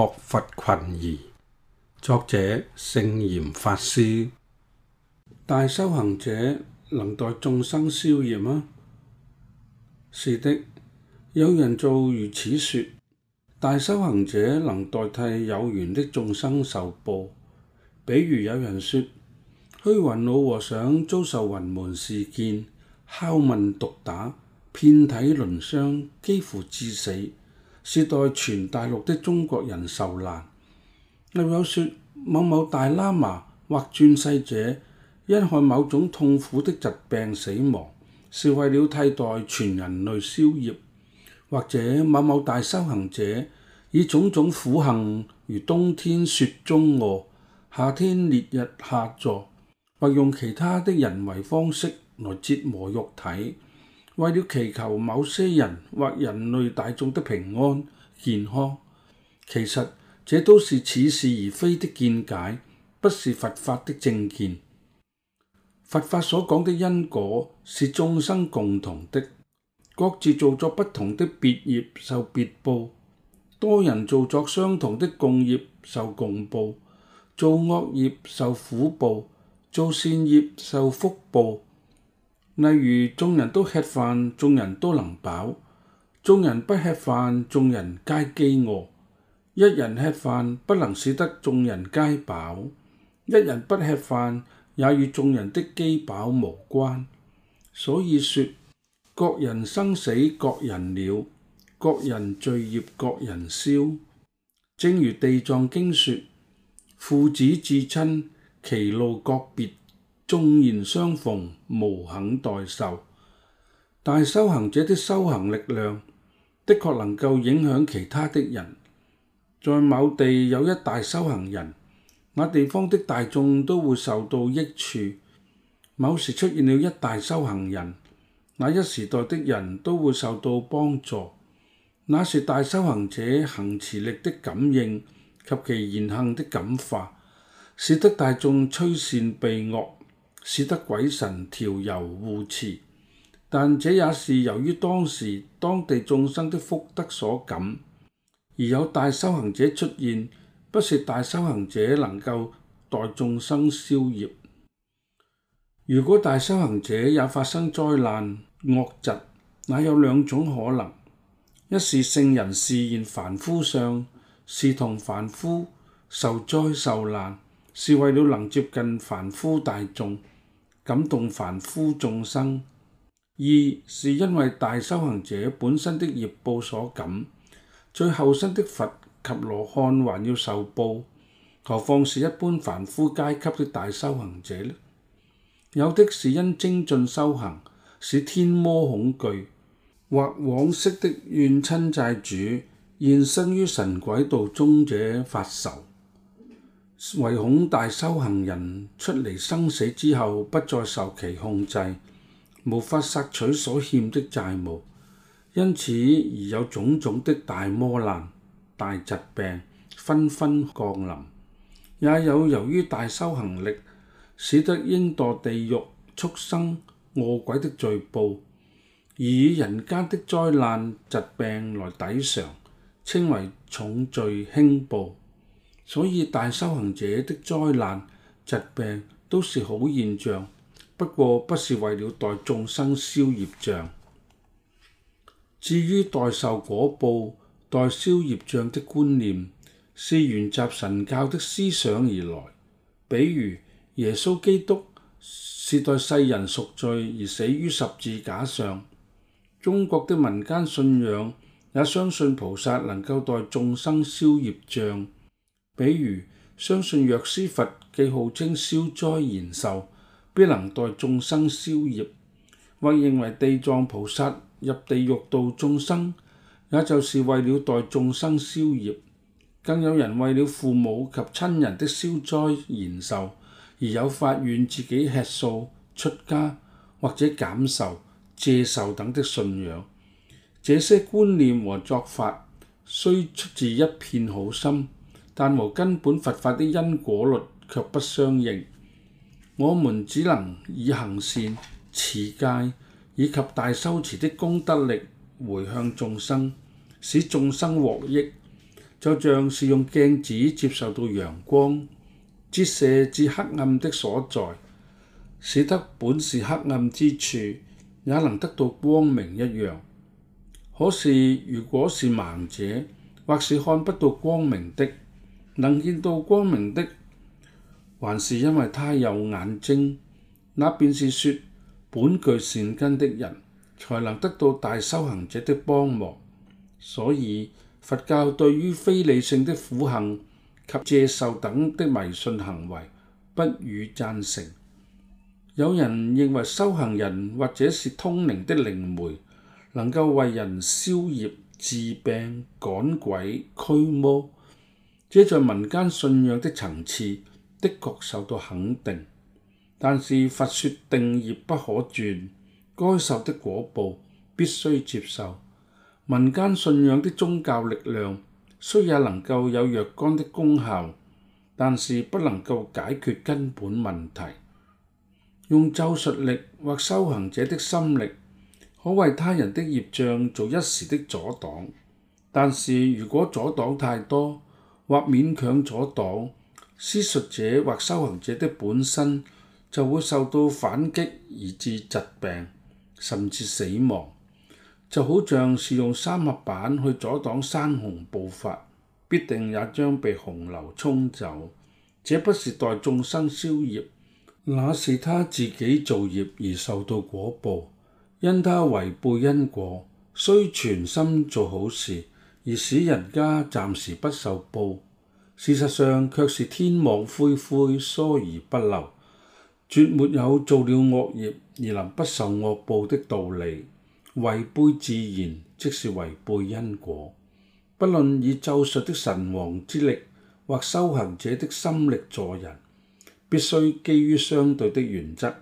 學佛群疑，作者聖嚴法師。大修行者能代眾生消業嗎？是的，有人做如此說。大修行者能代替有緣的眾生受報，比如有人說，虛雲老和尚遭受雲門事件，敲問毒打，遍體鱗傷，幾乎致死。是代全大陸的中國人受難。又有說某某大喇嘛或轉世者，因害某種痛苦的疾病死亡，是為了替代全人類消業；或者某某大修行者，以種種苦行，如冬天雪中臥、夏天烈日下坐，或用其他的人為方式來折磨肉體。為了祈求某些人或人類大眾的平安健康，其實這都是似是而非的見解，不是佛法的正見。佛法所講的因果是眾生共同的，各自造作不同的別業受別報，多人造作相同的共業受共報，做惡業受苦報，做善業受福報。例如，眾人都吃飯，眾人都能飽；眾人不吃飯，眾人皆飢餓。一人吃飯不能使得眾人皆飽，一人不吃飯也與眾人的飢飽，飽無關。所以說，各人生死各人了，各人罪孽，各人消。正如地藏經說：父子至親，其路各別。縱然相逢無肯代受，大修行者的修行力量，的確能夠影響其他的人。在某地有一大修行人，那地方的大眾都會受到益處。某時出現了一大修行人，那一時代的人都會受到幫助。那是大修行者行持力的感應及其言行的感化，使得大眾趨善避惡。使得鬼神調柔護持，但這也是由於當時當地眾生的福德所感，而有大修行者出現。不是大修行者能夠代眾生消業。如果大修行者也發生災難惡疾，那有兩種可能：一是聖人示現凡夫相，示同凡夫受災受難。是為了能接近凡夫大眾，感動凡夫眾生；二是因為大修行者本身的業報所感，最後身的佛及羅漢還要受報，何況是一般凡夫階級的大修行者呢？有的是因精進修行，使天魔恐懼，或往昔的怨親債主現身於神鬼道中者發愁。唯恐大修行人出離生死之後不再受其控制，無法索取所欠的債務，因此而有種種的大魔難、大疾病紛紛降臨。也有由於大修行力，使得應墮地獄畜生餓鬼的罪報，而以人間的災難疾病來抵償，稱為重罪輕報。所以大修行者的災難、疾病都是好現象，不過不是為了代眾生消業障。至於代受果報、代消業障的觀念，是沿襲神教的思想而來。比如耶穌基督是代世人贖罪而死於十字架上。中國的民間信仰也相信菩薩能夠代眾生消業障。比如相信藥師佛既號稱消災延壽，必能代眾生消業，或認為地藏菩薩入地獄度眾生，也就是為了代眾生消業。更有人為了父母及親人的消災延壽，而有發願自己吃素、出家或者減壽、借壽等的信仰。這些觀念和做法，雖出自一片好心。但無根本佛法的因果律卻不相應，我們只能以行善、持戒以及大修持的功德力回向眾生，使眾生獲益，就像是用鏡子接受到陽光，折射至黑暗的所在，使得本是黑暗之處也能得到光明一樣。可是如果是盲者，或是看不到光明的，能見到光明的，還是因為他有眼睛。那便是說，本具善根的人，才能得到大修行者的幫忙。所以佛教對於非理性的苦行及借壽等的迷信行為不予贊成。有人認為修行人或者是通靈的靈媒，能夠為人消業、治病、趕鬼、驅魔。這在民間信仰的層次的確受到肯定，但是佛説定業不可轉，該受的果報必須接受。民間信仰的宗教力量雖也能夠有若干的功效，但是不能夠解決根本問題。用咒術力或修行者的心力，可為他人的業障做一時的阻擋，但是如果阻擋太多，或勉強阻擋施術者或修行者的本身，就會受到反擊而致疾病甚至死亡。就好像是用三合板去阻擋山洪暴發，必定也將被洪流沖走。這不是代眾生消業，那是他自己造業而受到果報。因他違背因果，雖全心做好事。而使人家暫時不受報，事實上卻是天網恢恢，疏而不漏，絕沒有做了惡業而能不受惡報的道理。違背自然，即是違背因果。不論以咒術的神王之力，或修行者的心力助人，必須基於相對的原則，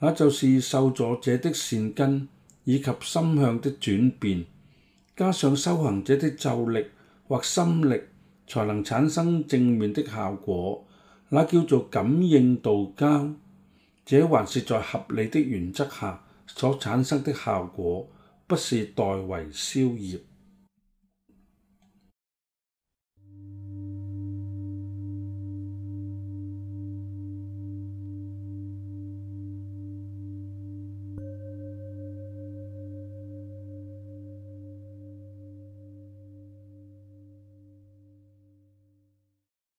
那就是受助者的善根以及心向的轉變。加上修行者的咒力或心力，才能產生正面的效果。那叫做感應道交，這還是在合理的原則下所產生的效果，不是代為消業。